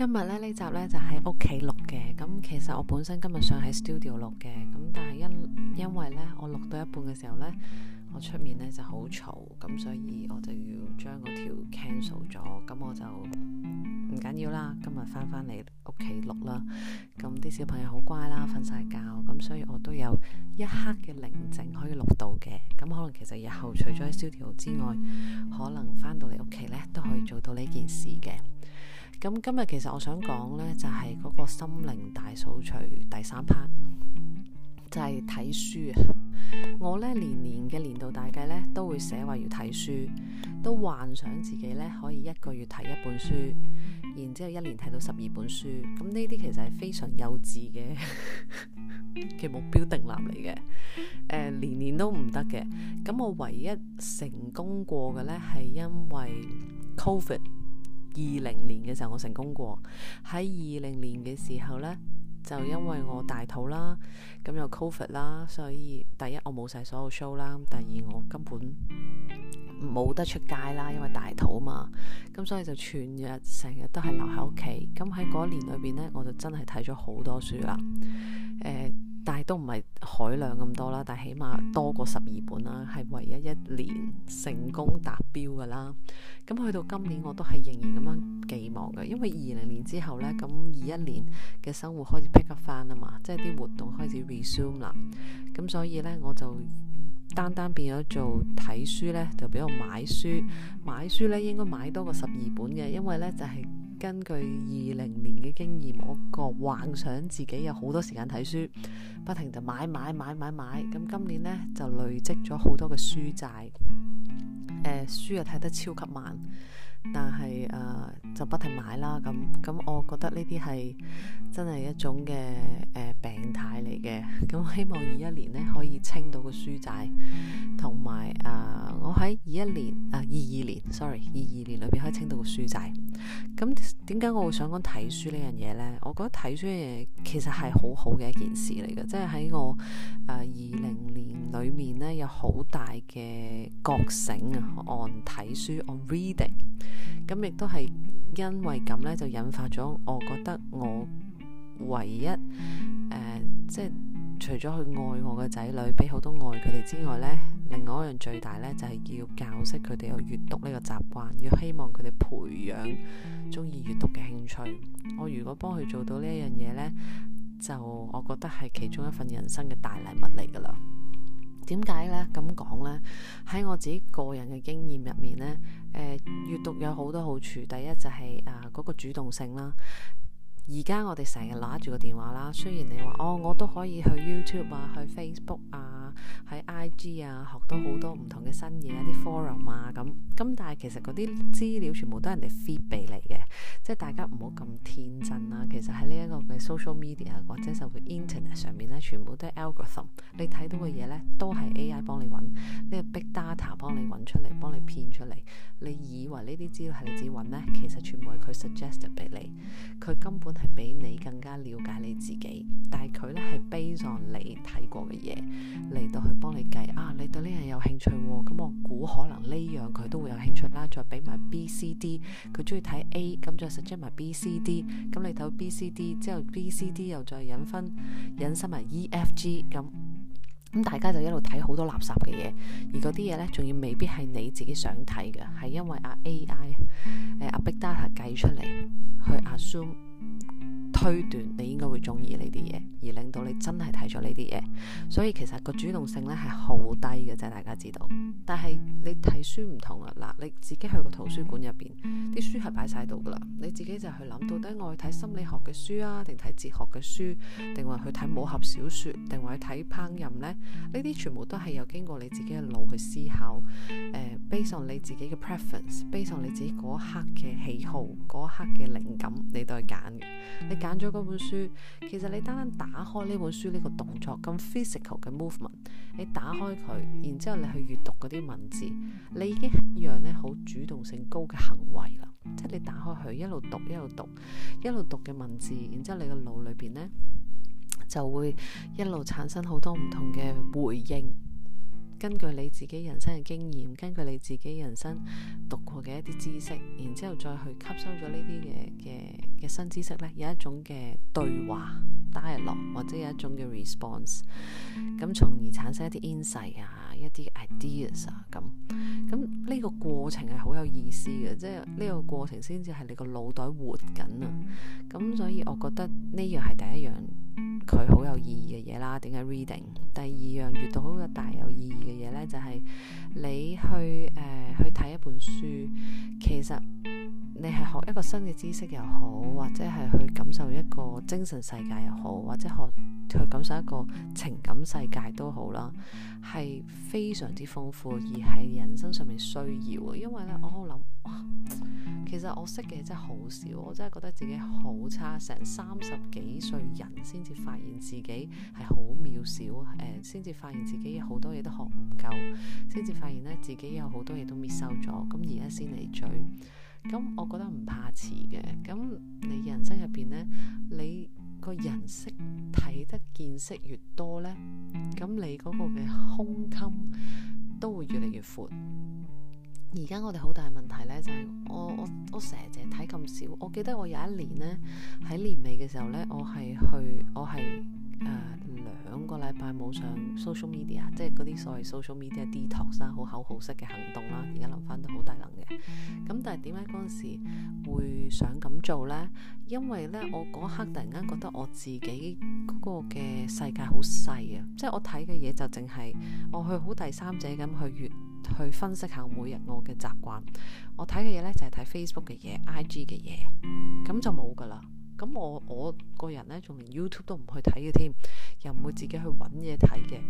今日咧呢集咧就喺屋企錄嘅，咁其實我本身今日想喺 studio 錄嘅，咁但係因因為咧我錄到一半嘅時候咧，我出面咧就好嘈，咁所以我就要將嗰條 cancel 咗，咁我就唔緊要啦，今日翻翻嚟屋企錄啦，咁啲小朋友好乖啦，瞓晒覺，咁所以我都有一刻嘅寧靜可以錄到嘅，咁可能其實日後除咗喺 studio 之外，可能翻到嚟屋企咧都可以做到呢件事嘅。咁今日其實我想講呢，就係、是、嗰個心靈大掃除第三 part，就係、是、睇書啊！我呢年年嘅年度大計呢，都會寫話要睇書，都幻想自己呢可以一個月睇一本書，然之後一年睇到十二本書。咁呢啲其實係非常幼稚嘅嘅 目標定立嚟嘅，誒、呃、年年都唔得嘅。咁我唯一成功過嘅呢，係因為 COVID。二零年嘅時候我成功過，喺二零年嘅時候呢，就因為我大肚啦，咁又 COVID 啦，所以第一我冇晒所有 show 啦，第二我根本冇得出街啦，因為大肚啊嘛，咁所以就全日成日都係留喺屋企，咁喺嗰一年裏邊呢，我就真係睇咗好多書啦，誒、呃。但係都唔係海量咁多啦，但係起碼多過十二本啦，係唯一一年成功達標噶啦。咁去到今年，我都係仍然咁樣寄望嘅，因為二零年之後呢，咁二一年嘅生活開始 pick up 翻啊嘛，即係啲活動開始 resume 啦。咁所以呢，我就單單變咗做睇書呢，就比較買書，買書呢應該買多過十二本嘅，因為呢就係、是。根據二零年嘅經驗，我個幻想自己有好多時間睇書，不停就買買買買買。咁今年呢，就累積咗好多嘅書債。誒、呃、書又睇得超級慢，但係誒、呃、就不停買啦。咁咁，我覺得呢啲係真係一種嘅誒、呃、病態嚟嘅。咁希望二一年呢可以清到個書債，同埋啊，我喺二一年啊二二年，sorry，二二年裏邊可以清到個書債。咁點解我會想講睇書呢樣嘢呢？我覺得睇書嘅嘢其實係好好嘅一件事嚟嘅，即係喺我誒二零年裏面呢，有好大嘅覺醒啊，on 睇書，on reading，咁亦都係因為咁呢，就引發咗，我覺得我唯一誒、呃、即係除咗去愛我嘅仔女，俾好多愛佢哋之外呢。另外一樣最大呢，就係、是、要教識佢哋有閱讀呢個習慣，要希望佢哋培養鍾意閱讀嘅興趣。我如果幫佢做到呢一樣嘢呢，就我覺得係其中一份人生嘅大禮物嚟㗎喇。點解呢？咁講呢，喺我自己個人嘅經驗入面呢，誒、呃，閱讀有好多好處。第一就係、是、啊，嗰、呃那個主動性啦。而家我哋成日拿住個電話啦，雖然你話，哦，我都可以去 YouTube 啊，去 Facebook 啊，喺 IG 啊學到好多唔同嘅新嘢、一啲 forum 啊咁咁，但係其實啲資料全部都係人哋 feed 俾你嘅，即係大家唔好咁天真啦、啊。其實喺呢一個嘅 social media 或者甚至 internet 上面咧，全部都係 algorithm。你睇到嘅嘢咧都係 AI 幫你揾呢個 big data 幫你揾出嚟，幫你編出嚟。你以為呢啲資料係你自己揾咧？其實全部係佢 suggest 俾你，佢根本，係比你更加了解你自己，但係佢咧係 based on 上你睇過嘅嘢嚟到去幫你計啊。你對呢樣有興趣，哦、咁、嗯、我估可能呢樣佢都會有興趣啦。再俾埋 B、C、嗯、D，佢中意睇 A，咁再 suggest 埋 B、C、D，咁你睇到 B、C、D 之後，B、C、D 又再引分引申埋 E F G、嗯、F、G 咁咁，大家就一路睇好多垃圾嘅嘢，而嗰啲嘢咧仲要未必係你自己想睇嘅，係因為啊 A. I. 誒、呃、阿、啊、Big Data 計出嚟去 assume。推斷你應該會中意呢啲嘢，而令到你真係睇咗呢啲嘢，所以其實個主動性咧係好低嘅啫，大家知道。但係你睇書唔同啊，嗱，你自己去個圖書館入邊，啲書係擺晒度噶啦，你自己就去諗，到底我去睇心理學嘅書啊，定睇哲學嘅書，定話去睇武俠小說，定話去睇烹飪呢？呢啲全部都係有經過你自己嘅腦去思考，誒 based on 你自己嘅 preference，based on 你自己嗰一刻嘅喜好，嗰一刻嘅靈感，你都係揀嘅，你揀咗嗰本書，其實你單單打開呢本書呢個動作咁 physical 嘅 movement，你打開佢，然之後你去閱讀嗰啲文字，你已經一樣咧好主動性高嘅行為啦。即係你打開佢一路讀一路讀一路讀嘅文字，然之後你個腦裏邊呢，就會一路產生好多唔同嘅回應。根據你自己人生嘅經驗，根據你自己人生讀過嘅一啲知識，然之後再去吸收咗呢啲嘅嘅嘅新知識呢，有一種嘅對話、dialog 或者有一種嘅 response，咁從而產生一啲 insight 啊、一啲 ideas 啊咁，咁呢個過程係好有意思嘅，即係呢個過程先至係你個腦袋活緊啊，咁所以我覺得呢樣係第一樣。佢好有意義嘅嘢啦，點解 reading？第二樣閲讀好嘅大有意義嘅嘢呢，就係、是、你去誒、呃、去睇一本書，其實你係學一個新嘅知識又好，或者係去感受一個精神世界又好，或者學去感受一個情感世界都好啦，係非常之豐富，而係人生上面需要嘅。因為呢，我喺度諗。哇。其實我識嘅真係好少，我真係覺得自己好差，成三十幾歲人先至發現自己係好渺小，誒、呃，先至發現自己好多嘢都學唔夠，先至發現咧自己有好多嘢都 miss 咗，咁而家先嚟追，咁我覺得唔怕遲嘅，咁你人生入邊呢，你個人識睇得見識越多呢，咁你嗰個嘅胸襟都會越嚟越闊。而家我哋好大問題呢，就係、是、我我我成日睇咁少。我記得我有一年呢，喺年尾嘅時候呢，我係去我係誒、呃、兩個禮拜冇上 social media，即係嗰啲所謂 social media detox 啊，好口號式嘅行動啦。而家諗返都好低能嘅。咁但係點解嗰陣時會想咁做呢？因為呢，我嗰刻突然間覺得我自己嗰個嘅世界好細啊，即、就、係、是、我睇嘅嘢就淨係我去好第三者咁去閲。去分析下每日我嘅習慣，我睇嘅嘢呢，就係睇 Facebook 嘅嘢、IG 嘅嘢，咁就冇噶啦。咁我我個人呢，仲連 YouTube 都唔去睇嘅添，又唔會自己去揾嘢睇嘅。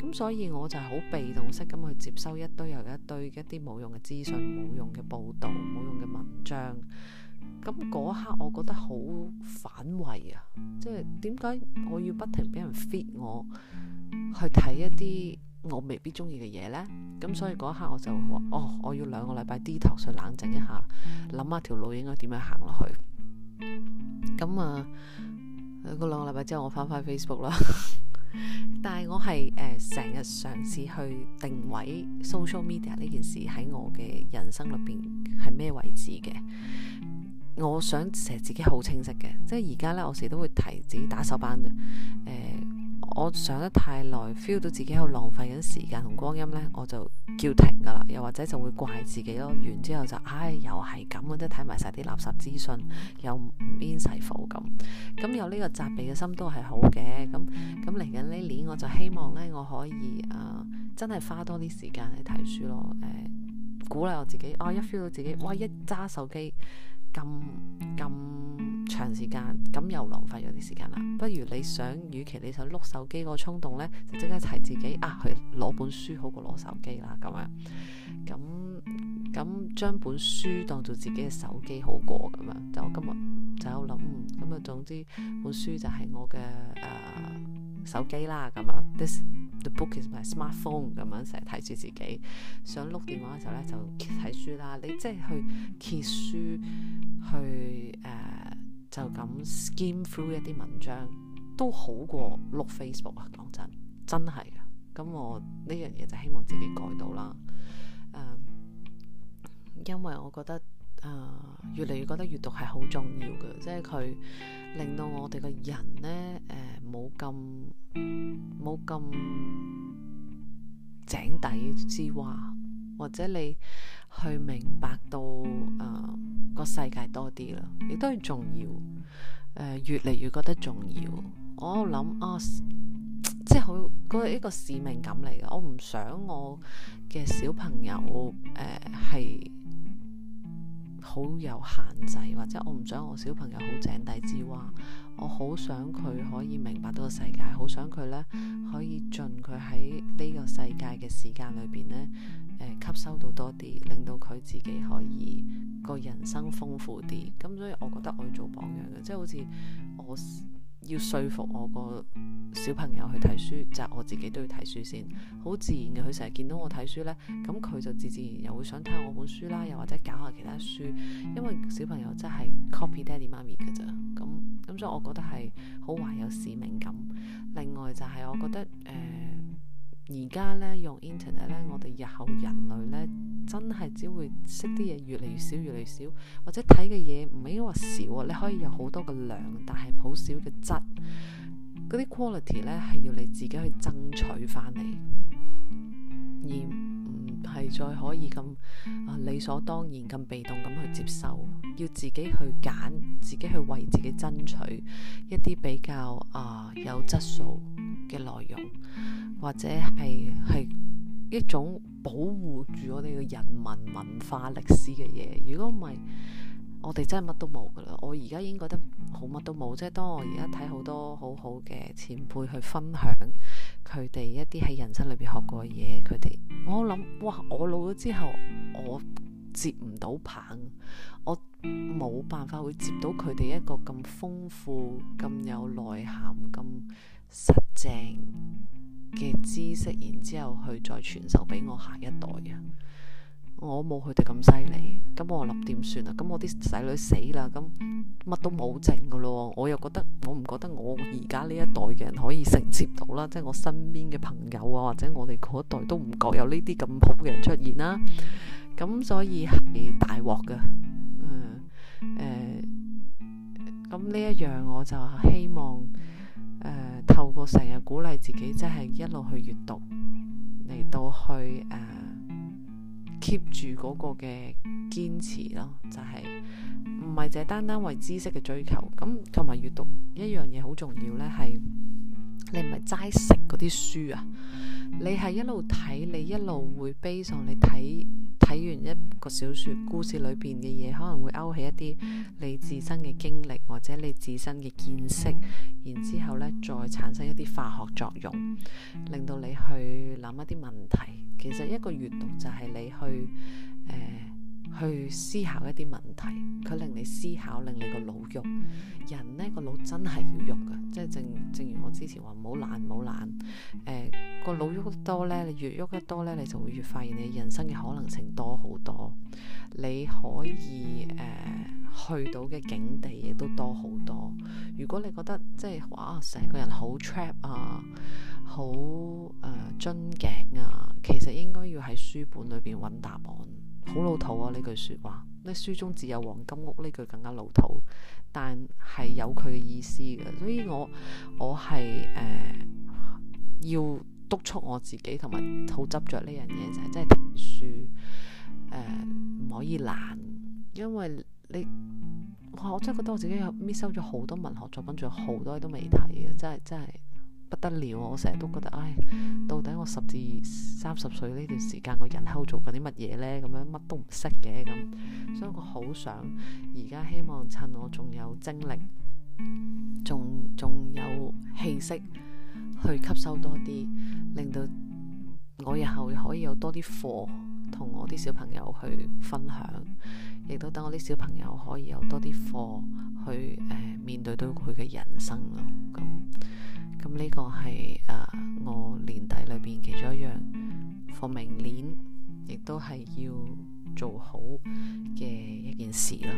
咁所以我就係好被動式咁去接收一堆又一堆一啲冇用嘅資訊、冇用嘅報道、冇用嘅文章。咁嗰刻我覺得好反胃啊！即係點解我要不停俾人 feed 我去睇一啲？我未必中意嘅嘢呢。咁所以嗰一刻我就話：哦，我要兩個禮拜低頭去冷靜一下，諗下條路應該點樣行落去。咁啊，個兩個禮拜之後我翻翻 Facebook 啦。 但係我係誒成日嘗試去定位 social media 呢件事喺我嘅人生裏邊係咩位置嘅。我想成日自己好清晰嘅，即係而家呢，我成日都會提自己打手板嘅。呃我上得太耐，feel 到自己喺度浪費緊時間同光陰呢，我就叫停噶啦。又或者就會怪自己咯。完之後就，唉、哎，又係咁，即係睇埋晒啲垃圾資訊，又唔 insightful 咁。咁有呢個責備嘅心都係好嘅。咁咁嚟緊呢年，我就希望呢，我可以啊、呃，真係花多啲時間去睇書咯。誒、呃，鼓勵我自己。啊，一 feel 到自己，哇，一揸手機。咁咁長時間，咁又浪費咗啲時間啦。不如你想，與其你想碌手機個衝動呢，就即刻提自己啊，去攞本書好過攞手機啦。咁樣，咁咁將本書當做自己嘅手機好過咁樣。就今日就諗，咁、嗯、啊，總之本書就係我嘅誒、呃、手機啦。咁啊，this。The book is my smartphone 咁樣成日睇住自己，想碌電話嘅時候咧就睇書啦。你即係去揭書，去誒、呃、就咁 skim through 一啲文章，都好過碌 Facebook 啊！講真，真係嘅。咁我呢樣嘢就希望自己改到啦。誒、呃，因為我覺得。啊，uh, 越嚟越覺得閱讀係好重要嘅，即係佢令到我哋個人呢冇咁冇咁井底之蛙，或者你去明白到啊個、呃、世界多啲啦，亦都係重要。呃、越嚟越覺得重要。我諗啊，即係好嗰一個使命感嚟嘅，我唔想我嘅小朋友誒係。呃好有限制，或者我唔想我小朋友好井底之蛙，我好想佢可以明白到個世界，好想佢咧可以盡佢喺呢個世界嘅時間裏邊咧，誒、呃、吸收到多啲，令到佢自己可以個人生豐富啲。咁所以我覺得我要做榜樣嘅，即係好似我。要說服我個小朋友去睇書，就係、是、我自己都要睇書先，好自然嘅。佢成日見到我睇書呢，咁佢就自自然又會想睇我本書啦，又或者搞下其他書。因為小朋友真係 copy daddy 媽咪噶咋，咁咁所以我覺得係好懷有使命感。另外就係我覺得誒，而、呃、家呢，用 internet 呢，我哋日後人類呢。真係只會識啲嘢越嚟越少，越嚟越少，或者睇嘅嘢唔應該話少啊，你可以有好多嘅量，但係好少嘅質。嗰啲 quality 呢，係要你自己去爭取返嚟，而唔係再可以咁啊、呃、理所當然咁被動咁去接受，要自己去揀，自己去為自己爭取一啲比較啊、呃、有質素嘅內容，或者係係。一種保護住我哋嘅人民文化歷史嘅嘢，如果唔係，我哋真係乜都冇㗎喇。我而家已經覺得好乜都冇，即係當我而家睇好多好好嘅前輩去分享佢哋一啲喺人生裏邊學過嘅嘢，佢哋我諗哇，我老咗之後，我接唔到棒，我冇辦法會接到佢哋一個咁豐富、咁有內涵、咁實淨嘅知識，然之後佢再傳授俾我下一代嘅。我冇佢哋咁犀利，咁我諗點算啊？咁我啲仔女死啦，咁乜都冇剩噶咯喎！我又覺得我唔覺得我而家呢一代嘅人可以承接到啦，即係我身邊嘅朋友啊，或者我哋嗰一代都唔覺有呢啲咁好嘅人出現啦、啊。咁所以係大鑊噶。誒、嗯、誒，咁、呃、呢一樣我就希望。誒、呃，透過成日鼓勵自己，即係一路去閱讀嚟到去誒、呃、keep 住嗰個嘅堅持咯，就係唔係淨係單單為知識嘅追求。咁同埋閱讀一樣嘢好重要咧，係你唔係齋食嗰啲書啊，你係一路睇，你一路會悲上你睇。睇完一個小説，故事裏邊嘅嘢可能會勾起一啲你自身嘅經歷，或者你自身嘅見識，然之後咧再產生一啲化學作用，令到你去諗一啲問題。其實一個閱讀就係你去誒。呃去思考一啲問題，佢令你思考，令你個腦喐。人呢個腦真係要用噶，即係正正如我之前話，唔好懶，唔好懶。誒、呃，個腦喐得多呢，你越喐得多呢，你就會越發現你人生嘅可能性多好多，你可以誒、呃、去到嘅境地亦都多好多。如果你覺得即係哇成個人好 trap 啊，好誒樽頸啊，其實應該要喺書本裏邊揾答案。好老土啊！呢句說話，咩書中自有黃金屋，呢句更加老土，但係有佢嘅意思嘅，所以我我係誒、呃、要督促我自己同埋好執着呢樣嘢就係、是、真係睇書誒唔、呃、可以懶，因為你我我真係覺得我自己有 miss 收咗好多文學作品，仲有好多嘢都未睇嘅，真係真係。不得了，我成日都覺得，唉，到底我十至三十歲呢段時間，我個人喺度做緊啲乜嘢呢？咁樣乜都唔識嘅咁，所以我好想而家希望趁我仲有精力，仲仲有氣息，去吸收多啲，令到我日後可以有多啲貨同我啲小朋友去分享，亦都等我啲小朋友可以有多啲貨去誒、呃、面對到佢嘅人生咯咁。咁呢個係誒我年底裏面其中一樣，放明年亦都係要做好嘅一件事咯。